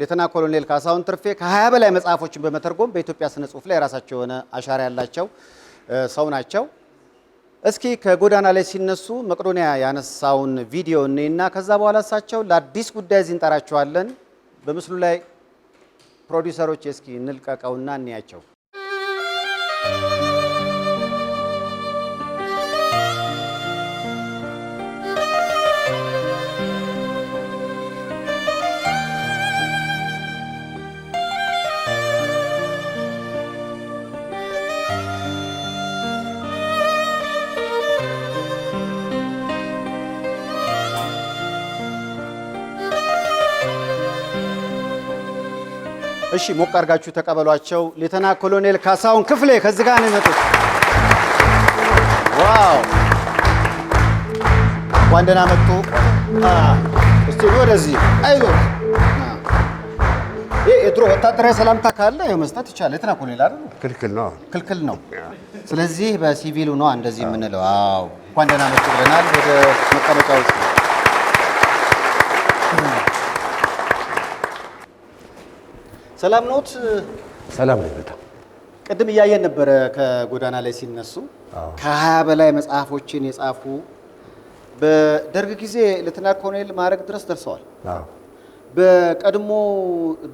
ሌተና ኮሎኔል ካሳሁን ትርፌ ከ20 በላይ መጽሐፎችን በመተርጎም በኢትዮጵያ ስነ ጽሁፍ ላይ የራሳቸው የሆነ አሻራ ያላቸው ሰው ናቸው። እስኪ ከጎዳና ላይ ሲነሱ መቅዶኒያ ያነሳውን ቪዲዮ እኔና ከዛ በኋላ እሳቸው ለአዲስ ጉዳይ እዚህ እንጠራቸዋለን። በምስሉ ላይ ፕሮዲውሰሮች እስኪ እንልቀቀውና እንያቸው። እሺ ሞቅ አርጋችሁ ተቀበሏቸው። ሌተና ኮሎኔል ካሳሁን ክፍሌ ከዚህ ጋር ነው የመጡት። ዋው እንኳን ደህና መጡ። እስቲ ወደዚህ አይዞ። ይሄ የድሮ ወታደራዊ ሰላምታ ካለ መስጠት ይቻላል። ሌተና ኮሎኔል አ ክልክል ነው፣ ክልክል ነው። ስለዚህ በሲቪሉ ነው እንደዚህ የምንለው። ዋው እንኳን ደህና መጡ ብለናል። ወደ መቀመጫ ውስጥ ሰላም ነዎት? ሰላም ነኝ። በጣም ቅድም እያየን ነበረ ከጎዳና ላይ ሲነሱ ከሀያ በላይ መጽሐፎችን የጻፉ በደርግ ጊዜ ሌተና ኮሎኔል ማዕረግ ድረስ ደርሰዋል። በቀድሞ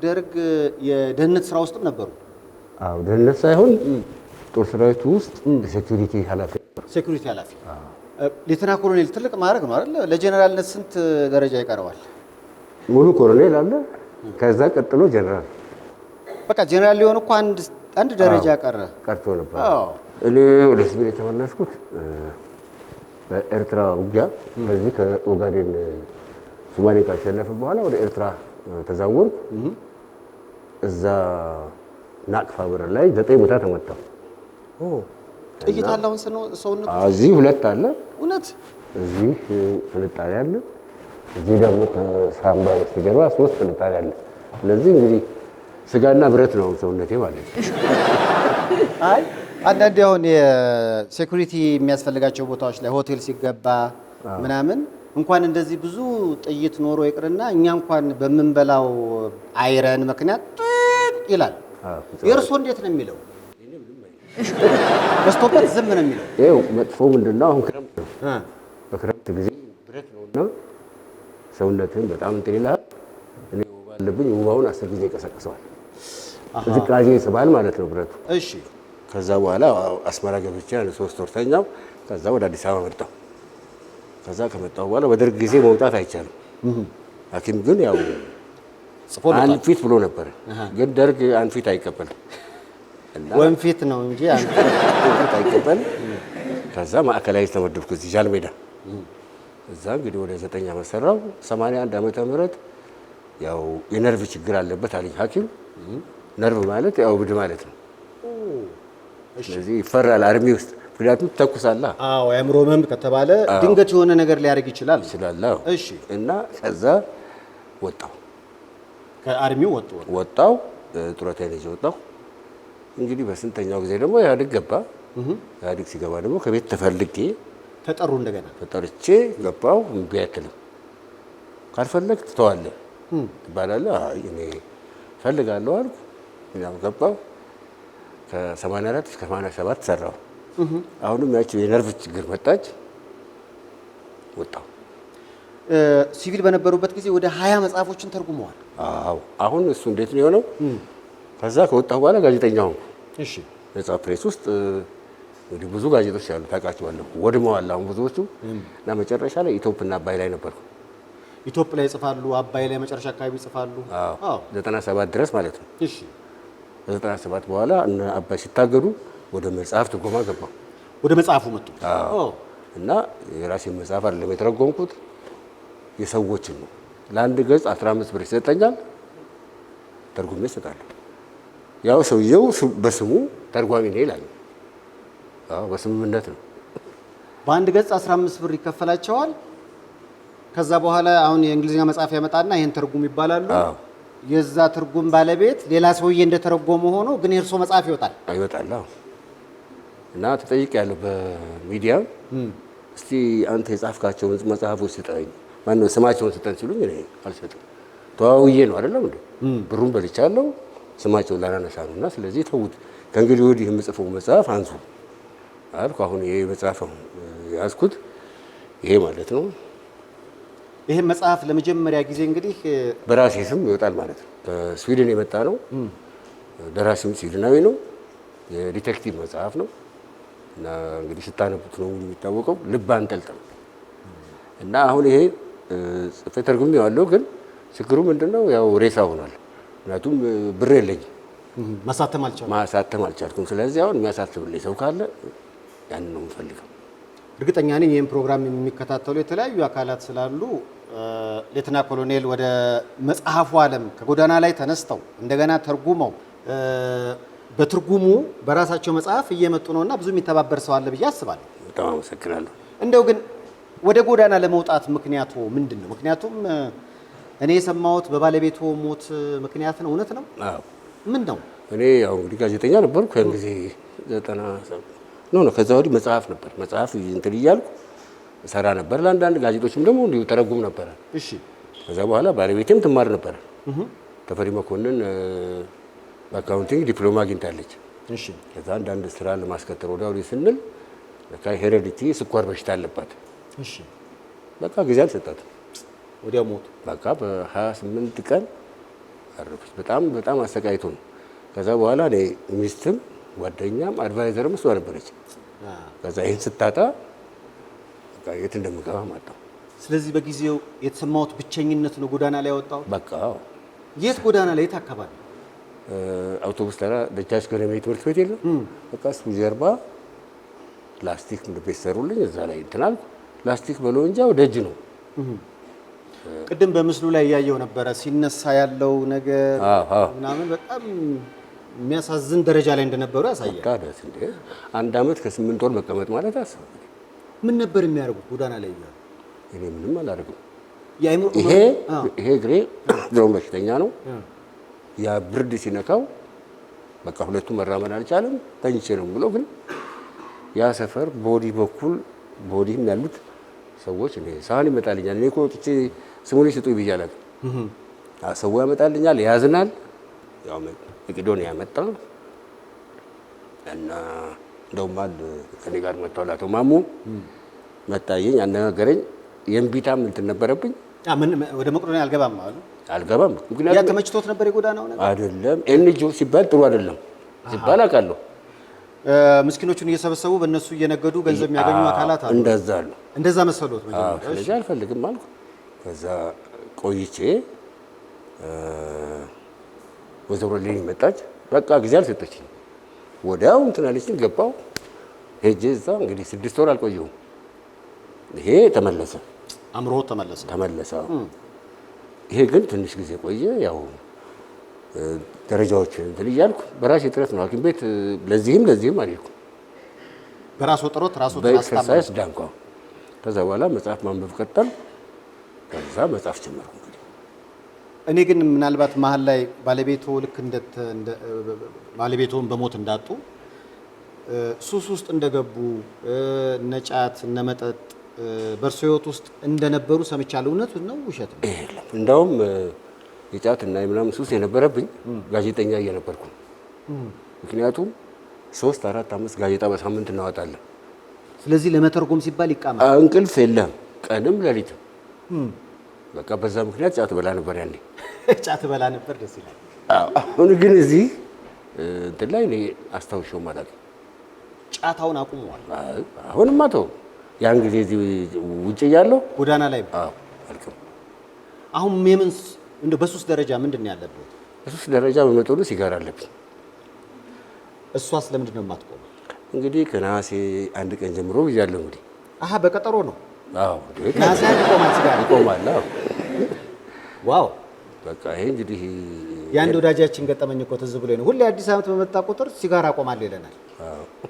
ደርግ የደህንነት ስራ ውስጥም ነበሩ። አዎ ደህንነት ሳይሆን ጦር ሰራዊቱ ውስጥ ሴኩሪቲ ኃላፊ ሴኩሪቲ ኃላፊ ሌተና ኮሎኔል ትልቅ ማዕረግ ነው አይደል? ለጀነራልነት ስንት ደረጃ ይቀረዋል? ሙሉ ኮሎኔል አለ፣ ከዛ ቀጥሎ ጀነራል በቃ ጀነራል ሊሆን እኮ አንድ ደረጃ ቀረ ቀርቶ ነበር። እኔ ወደ ሲቪል የተመለስኩት በኤርትራ ውጊያ በዚህ ከኦጋዴን ሱማሌ ካሸነፈ በኋላ ወደ ኤርትራ ተዛወርኩ። እዛ ናቅፋ በረር ላይ ዘጠኝ ቦታ ተመታሁ። ጥይት አለ። አሁን ሰውነቱ እዚህ ሁለት አለ። እውነት እዚህ ፍንጣሪ አለ። እዚህ ደግሞ ከሳምባ በስተጀርባ ሶስት ፍንጣሪ አለ። ስለዚህ እንግዲህ ስጋና ብረት ነው ሰውነቴ ማለት ነው። አይ አንዳንዴ አሁን የሴኩሪቲ የሚያስፈልጋቸው ቦታዎች ላይ ሆቴል ሲገባ ምናምን እንኳን እንደዚህ ብዙ ጥይት ኖሮ ይቅርና እኛ እንኳን በምንበላው አይረን ምክንያት ይላል። የእርሶ እንዴት ነው የሚለው? በስቶበት ዝም ነው የሚለው። ይኸው መጥፎ ምንድን ነው? አሁን ክረምት ነው። በክረምት ጊዜ ብረት ነውና ሰውነትህን በጣም እንትን ይልሃል። እኔ ውባ አለብኝ። ውባውን አስር ጊዜ ይቀሰቅሰዋል። ቅዝቃዜ ይስባል ማለት ነው ብረቱ። እሺ። ከዛ በኋላ አስመራ ገብቼ አንድ ሶስት ወር ተኛው። ከዛ ወደ አዲስ አበባ መጣሁ። ከዛ ከመጣሁ በኋላ በደርግ ጊዜ መውጣት አይቻልም። ሐኪም ግን ያው አንፊት ብሎ ነበረ። ግን ደርግ አንፊት አይቀበልም ወንፊት ነው እንጂ አንፊት አይቀበልም። ከዛ ማዕከላዊ ተመደብኩ እዚህ ሜዳ። እዛ እንግዲህ ወደ ዘጠኝ ዓመት ሰራው። 81 ዓመተ ምህረት ያው የነርቭ ችግር አለበት አለኝ ሐኪም ነርቭ ማለት ያው እብድ ማለት ነው። ስለዚህ ይፈራል አርሚ ውስጥ ምክንያቱም ተኩሳላ። አዎ የአእምሮ ህመም ከተባለ ድንገት የሆነ ነገር ሊያደርግ ይችላል ይችላል። እሺ። እና ከዛ ወጣው ከአርሚው ወጣው ወጣው ጡረታ ይዤ ወጣሁ። እንግዲህ በስንተኛው ጊዜ ደግሞ ኢህአዴግ ገባ። ኢህአዴግ ሲገባ ደግሞ ከቤት ተፈልጌ ተጠሩ እንደገና ተጠርቼ ገባሁ። እምቢ አይክልም ካልፈለግ ትተዋለህ ትባላለህ። አይ እኔ ፈልጋለሁ አልኩ። እዛም ገባሁ። ከ84 እስከ 87 ሰራሁ። አሁንም ያቺ የነርቭ ችግር መጣች፣ ወጣሁ። ሲቪል በነበሩበት ጊዜ ወደ ሀያ መጽሐፎችን ተርጉመዋል። አዎ። አሁን እሱ እንዴት ነው የሆነው? ከዛ ከወጣሁ በኋላ ጋዜጠኛ ሆንኩ። እሺ። ነጻ ፕሬስ ውስጥ እንግዲህ ብዙ ጋዜጦች ያሉ ታውቃቸዋለሁ፣ ወድመዋል አሁን ብዙዎቹ እና መጨረሻ ላይ ኢትዮፕና አባይ ላይ ነበርኩ። ኢትዮጵያ ላይ ይጽፋሉ፣ አባይ ላይ መጨረሻ አካባቢ ይጽፋሉ። ዘጠና ሰባት ድረስ ማለት ነው። እሺ ከዘጠና በኋላ እነ አባይ ሲታገዱ ወደ መጽሐፍ ትርጎማ ገባ። ወደ መጽሐፉ መጡ እና የራሴን መጽሐፍ አይደለም የተረጎምኩት የሰዎችን ነው። ለአንድ ገጽ 15 ብር ይሰጠኛል፣ ተርጉሜ እሰጣለሁ። ያው ሰውየው በስሙ ተርጓሚ ነው ይላል። አዎ በስምምነት ነው። በአንድ ገጽ 15 ብር ይከፈላቸዋል። ከዛ በኋላ አሁን የእንግሊዝኛ መጽሐፍ ያመጣና ይህን ትርጉም ይባላሉ። የዛ ትርጉም ባለቤት ሌላ ሰውዬ እንደተረጎመ ሆኖ ግን የእርሶ መጽሐፍ ይወጣል ይወጣል። እና ያለው በሚዲያ እስቲ አንተ የጻፍካቸውን መጽሐፎች ስጠኝ፣ ማነው ስማቸውን ስጠን ሲሉኝ እኔ አልሰጥም። ተዋውዬ ነው አይደለም እንዴ? ብሩን በልቻለሁ፣ ስማቸውን ላናነሳ ነው። እና ስለዚህ ተውት፣ ከእንግዲህ ወዲህ የምጽፈው መጽሐፍ አንሱ አልኩ። አሁን ይሄ መጽሐፍ አሁን ያዝኩት፣ ይሄ ማለት ነው ይህም መጽሐፍ ለመጀመሪያ ጊዜ እንግዲህ በራሴ ስም ይወጣል ማለት ነው። በስዊድን የመጣ ነው። ደራሲም ስዊድናዊ ነው። የዲቴክቲቭ መጽሐፍ ነው እና እንግዲህ ስታነቡት ነው የሚታወቀው። ልብ አንጠልጥል እና አሁን ይሄ ጽፌ ተርጉሜ ያለው ግን ችግሩ ምንድነው? ያው ሬሳ ሆኗል። ምክንያቱም ብር የለኝ ማሳተም አልቻልኩም። ስለዚህ አሁን የሚያሳትምልኝ ሰው ካለ ያንን ነው የምፈልገው። እርግጠኛ ነኝ ይህን ፕሮግራም የሚከታተሉ የተለያዩ አካላት ስላሉ ሌትና ኮሎኔል ወደ መጽሐፉ ዓለም ከጎዳና ላይ ተነስተው እንደገና ተርጉመው በትርጉሙ በራሳቸው መጽሐፍ እየመጡ ነውና ብዙ የሚተባበር ሰው አለ ብዬ አስባለሁ። በጣም አመሰግናለሁ። እንደው ግን ወደ ጎዳና ለመውጣት ምክንያቱ ምንድን ነው? ምክንያቱም እኔ የሰማሁት በባለቤቱ ሞት ምክንያት ነው። እውነት ነው? ምን ነው? እኔ ያው እንግዲህ ጋዜጠኛ ነበርኩ ያን ጊዜ ዘጠና ኖ ነው። ከዛ ወዲህ መጽሐፍ ነበር መጽሐፍ እንትን እያልኩ ሰራ ነበር። ለአንዳንድ ጋዜጦችም ደግሞ እንዲሁ ተረጉም ነበረ። እሺ። ከዛ በኋላ ባለቤቴም ትማር ነበረ። ተፈሪ መኮንን በአካውንቲንግ ዲፕሎማ አግኝታለች። እሺ። ከዛ አንዳንድ ስራ ለማስከተል ወደ አውሪ ስንል ለካ ሄሬዲቲ ስኳር በሽታ አለባት። እሺ። በቃ ጊዜ አልሰጣትም። ወዲያ ሞት በቃ በ28 ቀን አረፈች። በጣም በጣም አሰቃይቶ ነው። ከዛ በኋላ እኔ ሚስትም ጓደኛም አድቫይዘርም እሷ ነበረች። ከዛ ይህን ስታጣ የት እንደምገባ ማጣው። ስለዚህ በጊዜው የተሰማሁት ብቸኝነት ነው ጎዳና ላይ ያወጣው በቃ የት ጎዳና ላይ የት አካባቢ? አውቶቡስ ተራ ደጃች ገረሜ ትምህርት ቤት የለም። በቃ እሱ ጀርባ ላስቲክ ምግብ ቤት ሰሩልኝ። እዛ ላይ እንትን አልኩ። ላስቲክ በለው እንጂ ደጅ ነው። ቅድም በምስሉ ላይ እያየው ነበረ ሲነሳ ያለው ነገር ምናምን በጣም የሚያሳዝን ደረጃ ላይ እንደነበሩ ያሳያል። አንድ አመት ከስምንት ወር መቀመጥ ማለት አስብ። ምን ነበር የሚያደርጉት ጎዳና ላይ እያሉ? እኔ ምንም አላደርግም። ይሄ ይሄ እግሬ ድሮም በሽተኛ ነው። ያ ብርድ ሲነካው በቃ ሁለቱ መራመድ አልቻለም። ተኝቼ ነው ብሎ ግን ያ ሰፈር ቦዲ በኩል ቦዲም ያሉት ሰዎች እኔ ሳህን ይመጣልኛል። እኔ እኮ ወጥቼ ስሙን ስጡ ብያለሁ። ሰው ያመጣልኛል፣ ያዝናል ያው መቄዶንያ መጣ እና እንደውም አል ከኔ ጋር መጥቷል አቶ ማሙ መታየኝ፣ አነጋገረኝ። የእምቢታም እንትን ነበረብኝ። ወደ መቄዶንያ አልገባም አሉ አልገባም። ምክንያቱም ተመችቶት ነበር የጎዳናው ነገር አይደለም። ኤንጂኦ ሲባል ጥሩ አይደለም ሲባል አውቃለሁ። ምስኪኖቹን እየሰበሰቡ በእነሱ እየነገዱ ገንዘብ የሚያገኙ አካላት አሉ። እንደዛ አሉ። እንደዛ መሰሎት ስለዚህ አልፈልግም አልኩ። ከዛ ቆይቼ ወይዘሮ ሌኒ መጣች። በቃ ጊዜ አልሰጠችኝ። ወዲያው እንትን አለችኝ። ገባው ሄጄ እዛ እንግዲህ ስድስት ወር አልቆየሁም። ይሄ ተመለሰ፣ አእምሮ ተመለሰ ተመለሰ። ይሄ ግን ትንሽ ጊዜ ቆየ። ያው ደረጃዎች እንትን እያልኩ በራሴ ጥረት ነው ሐኪም ቤት ለዚህም ለዚህም አልሄድኩም። በራሱ ጥረት ራሱ በኤክሰርሳይዝ ዳንኳ። ከዛ በኋላ መጽሐፍ ማንበብ ቀጠል። ከዛ መጽሐፍ ጀመርኩ። እኔ ግን ምናልባት መሀል ላይ ባለቤቶ ልክ ባለቤቶን በሞት እንዳጡ ሱስ ውስጥ እንደገቡ ነጫት እነመጠጥ በእርሶ ህይወት ውስጥ እንደነበሩ ሰምቻለሁ። እውነት ነው ውሸት ነው? እንደውም የጫት እና የምናምን ሱስ የነበረብኝ ጋዜጠኛ እየነበርኩ ነው። ምክንያቱም ሶስት አራት አምስት ጋዜጣ በሳምንት እናወጣለን። ስለዚህ ለመተርጎም ሲባል ይቃማል። እንቅልፍ የለም ቀንም ሌሊትም በቃ በዛ ምክንያት ጫት በላ ነበር ያኔ ጫት በላ ነበር። ደስ ይላል። አሁን ግን እዚህ እንትን ላይ እኔ አስታውሻው ማለት ጫታውን አቁመዋል። አሁንማ ተው። ያን ጊዜ እዚህ ውጭ እያለሁ ጎዳና ላይ አልቅም። አሁን የምን እንደ በሱስ ደረጃ ምንድን ነው ያለበት? በሱስ ደረጃ በመጠኑ ሲጋራ አለብኝ። እሷስ ለምንድን ነው የማትቆመው? እንግዲህ ከነሐሴ አንድ ቀን ጀምሮ ብያለሁ። እንግዲህ አሀ፣ በቀጠሮ ነው። አዎ፣ ይቆማል፣ ይቆማል። ዋው በቃ ይሄ እንግዲህ የአንድ ወዳጃችን ገጠመኝ እኮ ትዝ ብሎ ነው። ሁሌ አዲስ ዓመት በመጣ ቁጥር ሲጋራ አቆማለሁ ይለናል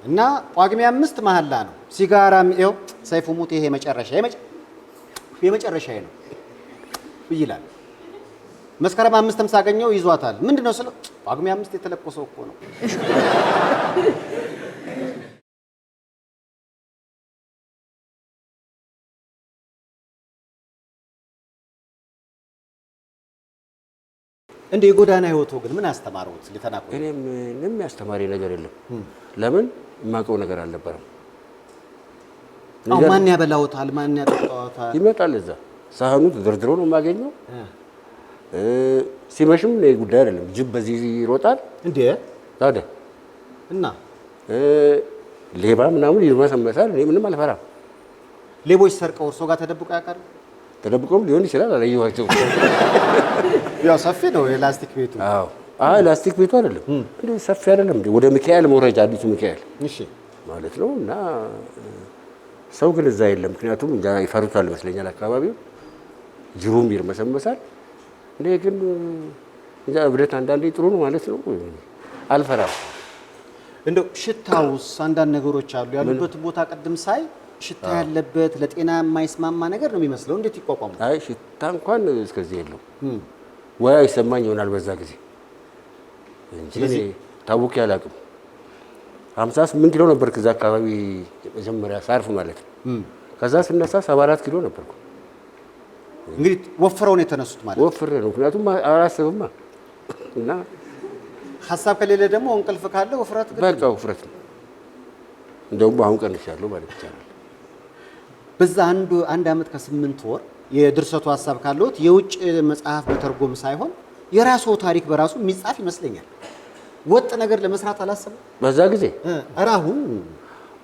እና ጳጉሜ አምስት መሀላ ነው ሲጋራ ው ሰይፉ ሙት ይሄ የመጨረሻ የመጨረሻ ነው ይላል። መስከረም አምስትም ሳገኘው ይዟታል። ምንድን ነው ስለው ጳጉሜ አምስት የተለኮሰው እኮ ነው እንደ የጎዳና ህይወቱ ግን ምን አስተማሩት? ሊተናቁ እኔ ምንም ያስተማሪ ነገር የለም። ለምን የማውቀው ነገር አልነበረም። አሁን ማን ያበላውታል? ማን ያጠጣውታል? ይመጣል። እዛ ሳህኑ ተደርድሮ ነው የማገኘው። ሲመሽም እኔ ጉዳይ አይደለም። ጅብ በዚህ ይሮጣል እንዴ? ታዲያ እና ሌባ ምናምን ይርመሰመሳል። እኔ ምንም አልፈራም። ሌቦች ሰርቀው እርሶ ጋር ተደብቆ ያውቃል? ተደብቆም ሊሆን ይችላል። አላየኋቸው ያው ሰፊ ነው የላስቲክ ቤቱ። አዎ አይ ላስቲክ ቤቱ አይደለም እንዴ ሰፊ አይደለም እንዴ ወደ ሚካኤል መውረጃ አዲሱ ሚካኤል እሺ ማለት ነው። እና ሰው ግን እዛ የለም። ምክንያቱም እንጃ ይፈሩታል ይመስለኛል አካባቢው ጅሩም ይርመሰመሳል። እኔ ግን እንጃ እብደት አንዳንዴ ጥሩ ነው ማለት ነው። አልፈራም። እንደው ሽታውስ አንዳንድ ነገሮች አሉ ያሉበት ቦታ ቅድም ሳይ ሽታ ያለበት ለጤና የማይስማማ ነገር ነው የሚመስለው። እንዴት ይቋቋሙ? አይ ሽታ እንኳን እስከዚህ የለው ወይ አይሰማኝ ይሆናል በዛ ጊዜ እንጂ ታውቄ አላውቅም። 58 ኪሎ ነበርክ እዛ አካባቢ መጀመሪያ ሳርፍ ማለት ነው። ከዛ ስነሳ 74 ኪሎ ነበርኩ። እንግዲህ ወፍረው ነው የተነሱት ማለት ወፍሬ ነው። ምክንያቱም አላስብማ እና ሀሳብ ከሌለ ደግሞ እንቅልፍ ካለ ውፍረት በቃ ውፍረት ነው። እንደውም አሁን ቀንሻለሁ ማለት ይቻላል። በዛ አንድ አንድ አመት ከስምንት ወር የድርሰቱ ሀሳብ ካለት የውጭ መጽሐፍ በተርጎም ሳይሆን የራሱ ታሪክ በራሱ የሚጻፍ ይመስለኛል። ወጥ ነገር ለመስራት አላሰብም በዛ ጊዜ ራሁ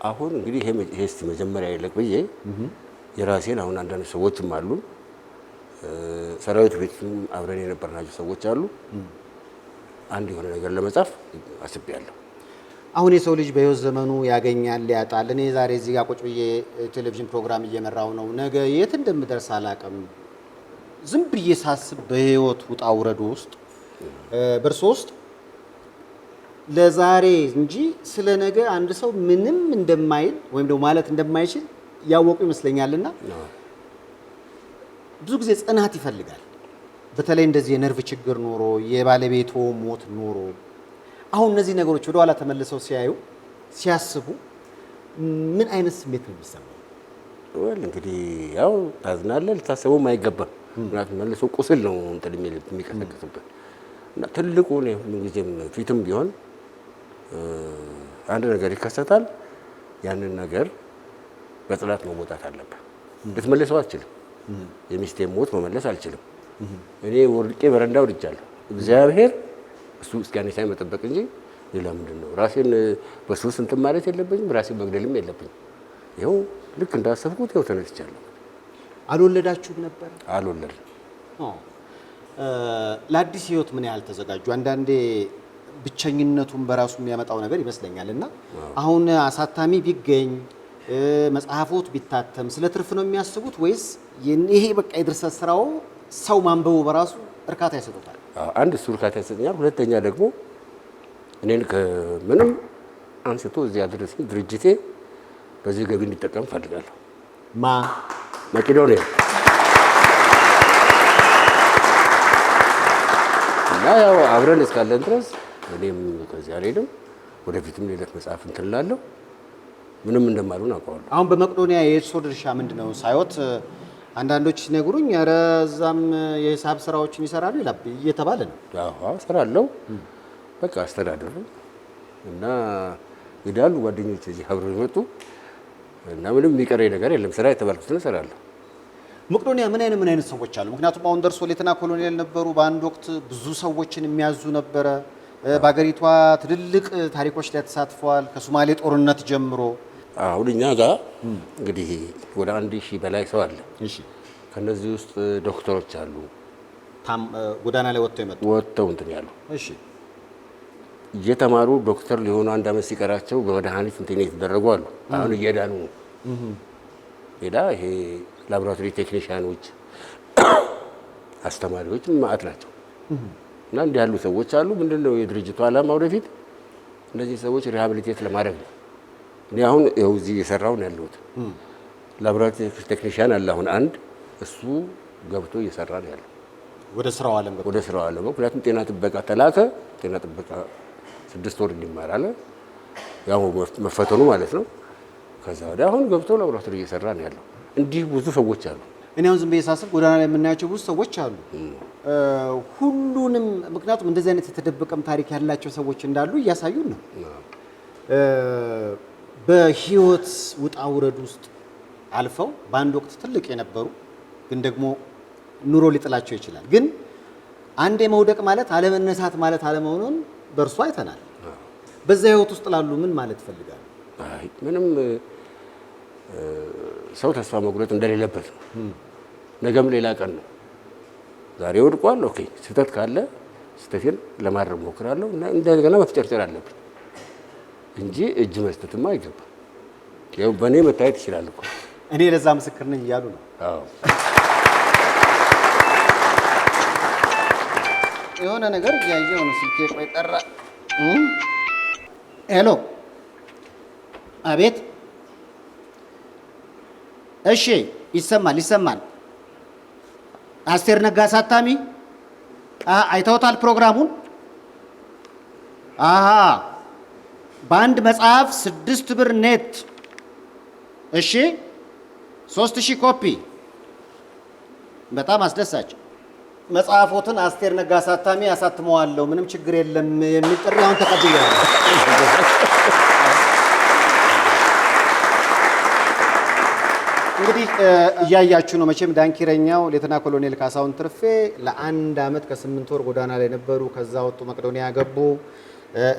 አሁን እንግዲህ ይሄ መጀመሪያ የለቅ ብዬ የራሴን አሁን አንዳንድ ሰዎችም አሉ ሰራዊት ቤትም አብረን የነበርናቸው ሰዎች አሉ። አንድ የሆነ ነገር ለመጻፍ አስቤያለሁ። አሁን የሰው ልጅ በህይወት ዘመኑ ያገኛል፣ ያጣል። እኔ ዛሬ እዚህ ጋር ቁጭ ብዬ ቴሌቪዥን ፕሮግራም እየመራው ነው። ነገ የት እንደምደርስ አላቅም። ዝም ብዬ ሳስብ በህይወት ውጣ ውረዱ ውስጥ በእርሶ ውስጥ ለዛሬ እንጂ ስለ ነገ አንድ ሰው ምንም እንደማይል ወይም ደግሞ ማለት እንደማይችል ያወቁ ይመስለኛልና ብዙ ጊዜ ጽናት ይፈልጋል። በተለይ እንደዚህ የነርቭ ችግር ኖሮ የባለቤቶ ሞት ኖሮ አሁን እነዚህ ነገሮች ወደ ኋላ ተመልሰው ሲያዩ ሲያስቡ ምን አይነት ስሜት ነው የሚሰማው? እንግዲህ ያው ታዝናለህ፣ ልታስበውም አይገባም። ምክንያቱም መልሶ ቁስል ነው እንትን የሚቀሰቀስበት እና ትልቁ ምንጊዜም ፊትም ቢሆን አንድ ነገር ይከሰታል። ያንን ነገር በጽናት መወጣት አለብህ። ልትመልሰው አልችልም። የሚስቴ ሞት መመለስ አልችልም። እኔ ወርቄ በረንዳ ወድጃለሁ። እግዚአብሔር እሱ እስኪያነሳኝ መጠበቅ እንጂ ሌላ ምንድን ነው? ራሴን በሱስ እንትን ማለት የለብኝም፣ ራሴን መግደልም የለብኝም። ይኸው ልክ እንዳሰብኩት ይኸው ተነስቻለሁ። አልወለዳችሁም ነበር? አልወለድም። ለአዲስ ህይወት ምን ያህል ተዘጋጁ? አንዳንዴ ብቸኝነቱን በራሱ የሚያመጣው ነገር ይመስለኛል። እና አሁን አሳታሚ ቢገኝ መጽሐፎት ቢታተም ስለ ትርፍ ነው የሚያስቡት ወይስ ይሄ በቃ የድርሰት ስራው ሰው ማንበቡ በራሱ እርካታ ይሰጡታል? አንድ እሱ እርካታ ይሰጠኛል። ሁለተኛ ደግሞ እኔን ከምንም አንስቶ እዚህ ያደረሰኝ ድርጅቴ በዚህ ገቢ እንዲጠቀም እፈልጋለሁ። ማ መቄዶኒያ እና ያው አብረን እስካለን ድረስ እኔም ከዚህ አልሄድም፣ ወደፊትም ሌለት መጽሐፍ እንትን እላለሁ። ምንም እንደማልሆን አውቀዋለሁ። አሁን በመቄዶኒያ የእርስዎ ድርሻ ምንድን ነው ሳይወት አንዳንዶች ሲነግሩኝ ኧረ እዛም የሂሳብ ስራዎችን ይሰራሉ ይላል እየተባለ ነው። አዎ እሰራለሁ፣ በቃ አስተዳደሩ እና ይዳሉ ጓደኞች እዚህ አብረው ይመጡ እና ምንም የሚቀረኝ ነገር የለም። ስራ የተባልኩትን እሰራለሁ። መቅዶኒያ ምን አይነት ምን አይነት ሰዎች አሉ? ምክንያቱም አሁን ደርሶ ሌተና ኮሎኔል ነበሩ፣ በአንድ ወቅት ብዙ ሰዎችን የሚያዙ ነበረ። በሀገሪቷ ትልልቅ ታሪኮች ላይ ተሳትፈዋል፣ ከሶማሌ ጦርነት ጀምሮ አሁን እኛ ጋ እንግዲህ ወደ አንድ ሺህ በላይ ሰው አለ። ከነዚህ ውስጥ ዶክተሮች አሉ፣ ጎዳና ላይ ወጥተው ይመጡ ወጥተው እንትን ያሉ እየተማሩ ዶክተር ሊሆኑ አንድ አመት ሲቀራቸው በመድኃኒት እንትን የተደረጉ አሉ። አሁን እየዳኑ ሌላ ይሄ ላቦራቶሪ ቴክኒሽያኖች፣ አስተማሪዎች ማዕት ናቸው እና እንዲህ ያሉ ሰዎች አሉ። ምንድን ነው የድርጅቱ አላማ ወደፊት እነዚህ ሰዎች ሪሃብሊቴት ለማድረግ ነው። እኔ አሁን ይኸው እዚህ እየሰራሁ ነው ያለሁት። ላብራቶሪ ቴክኒሽያን አለ አሁን አንድ እሱ ገብቶ እየሰራ ነው ያለው ወደ ስራው ዓለም ወደ ስራው ዓለም። ምክንያቱም ጤና ጥበቃ ተላከ። ጤና ጥበቃ ስድስት ወር እንዲማር አለ ያው መፈተኑ ማለት ነው። ከዛ ወዲያ አሁን ገብቶ ላቦራቶሪ እየሰራ ነው ያለው። እንዲህ ብዙ ሰዎች አሉ። እኔ አሁን ዝም ብዬ ሳስብ ጎዳና ላይ የምናያቸው ብዙ ሰዎች አሉ። ሁሉንም ምክንያቱም እንደዚህ አይነት የተደበቀም ታሪክ ያላቸው ሰዎች እንዳሉ እያሳዩን ነው። በህይወት ውጣ ውረድ ውስጥ አልፈው በአንድ ወቅት ትልቅ የነበሩ ግን ደግሞ ኑሮ ሊጥላቸው ይችላል። ግን አንዴ መውደቅ ማለት አለመነሳት ማለት አለመሆኑን በእርሱ አይተናል። በዛ ህይወት ውስጥ ላሉ ምን ማለት ይፈልጋል? ምንም ሰው ተስፋ መቁረጥ እንደሌለበት ነው። ነገም ሌላ ቀን ነው። ዛሬ ወድቋል። ኦኬ ስህተት ካለ ስህተቴን ለማድረግ ሞክራለሁ እንደገና መፍጨርጨር አለብኝ እንጂ እጅ መስጠትማ አይገባም። ይኸው በእኔ መታየት ይችላል እኮ እኔ ለዛ ምስክር ነኝ እያሉ ነው። የሆነ ነገር እያየሁ ነው። ስልኬ ቆይ ጠራ። ሄሎ፣ አቤት። እሺ፣ ይሰማል፣ ይሰማል። አስቴር ነጋ አሳታሚ አይተውታል ፕሮግራሙን? አሃ በአንድ መጽሐፍ ስድስት ብር ኔት። እሺ፣ ሶስት ሺህ ኮፒ። በጣም አስደሳች መጽሐፎትን አስቴር ነጋ አሳታሚ አሳትመዋለሁ፣ ምንም ችግር የለም የሚል ጥሪ አሁን ተቀብያለሁ። እንግዲህ እያያችሁ ነው መቼም ዳንኪረኛው ሌተና ኮሎኔል ካሳሁን ትርፌ ለአንድ አመት ከስምንት ወር ጎዳና ላይ ነበሩ። ከዛ ወጡ፣ መቅዶኒያ ገቡ።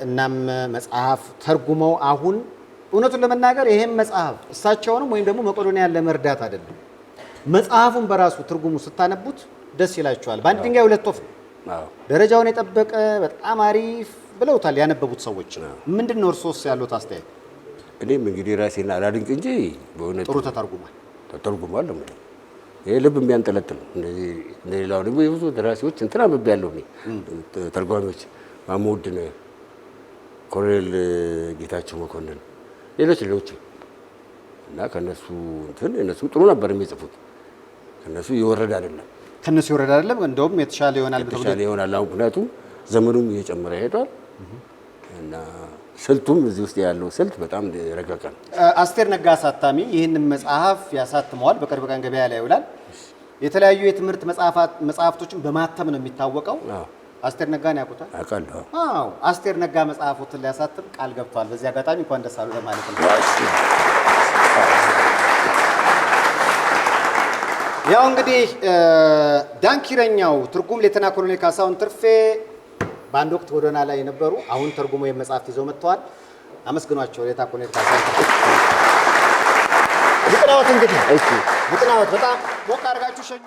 እናም መጽሐፍ ተርጉመው አሁን እውነቱን ለመናገር ይሄም መጽሐፍ እሳቸውንም ወይም ደግሞ መቄዶንያን ለመርዳት አይደለም። መጽሐፉን በራሱ ትርጉሙ ስታነቡት ደስ ይላቸዋል። በአንድ ድንጋይ ሁለት ወፍ ነው። ደረጃውን የጠበቀ በጣም አሪፍ ብለውታል ያነበቡት ሰዎች። ምንድን ነው እርሶስ ያሉት አስተያየት? እኔም እንግዲህ ራሴን አላድንቅ እንጂ በእውነት ጥሩ ተተርጉሟል ተተርጉሟል። ለ ይሄ ልብ የሚያንጠለጥል እንደዚህ እንደሌላው ደግሞ የብዙ ደራሲዎች እንትና ብብ ያለሁ ተርጓሚዎች ማሞወድ ኮሎኔል ጌታቸው መኮንን፣ ሌሎች ሌሎች እና ከነሱ እንትን እነሱም ጥሩ ነበር የሚጽፉት። ከነሱ የወረደ አይደለም፣ ከነሱ የወረደ አይደለም። እንደውም የተሻለ ይሆናል የተሻለ ይሆናል። አሁን ምክንያቱም ዘመኑም እየጨመረ ሄዷል እና ስልቱም እዚህ ውስጥ ያለው ስልት በጣም ረቀቀ ነው። አስቴር ነጋ አሳታሚ ይህንን መጽሐፍ ያሳትመዋል። በቅርብ ቀን ገበያ ላይ ይውላል። የተለያዩ የትምህርት መጽሐፍቶችን በማተም ነው የሚታወቀው። አስቴር ነጋን ያውቁታል? አውቃለሁ። አዎ፣ አስቴር ነጋ መጽሐፎትን ሊያሳትም ቃል ገብቷል። በዚህ አጋጣሚ እንኳን ደስ አሉ ለማለት ነው። ያው እንግዲህ ዳንኪረኛው ትርጉም ሌተና ኮሎኔል ካሳሁን ትርፌ በአንድ ወቅት ጎዳና ላይ የነበሩ አሁን ተርጉሞ የመጽሐፍት ይዘው መጥተዋል። አመስግኗቸው ሌተና ኮሎኔል ካሳሁን ትርፌ። እንግዲህ ብጥናወት በጣም ሞቅ አድርጋችሁ ሸኙ።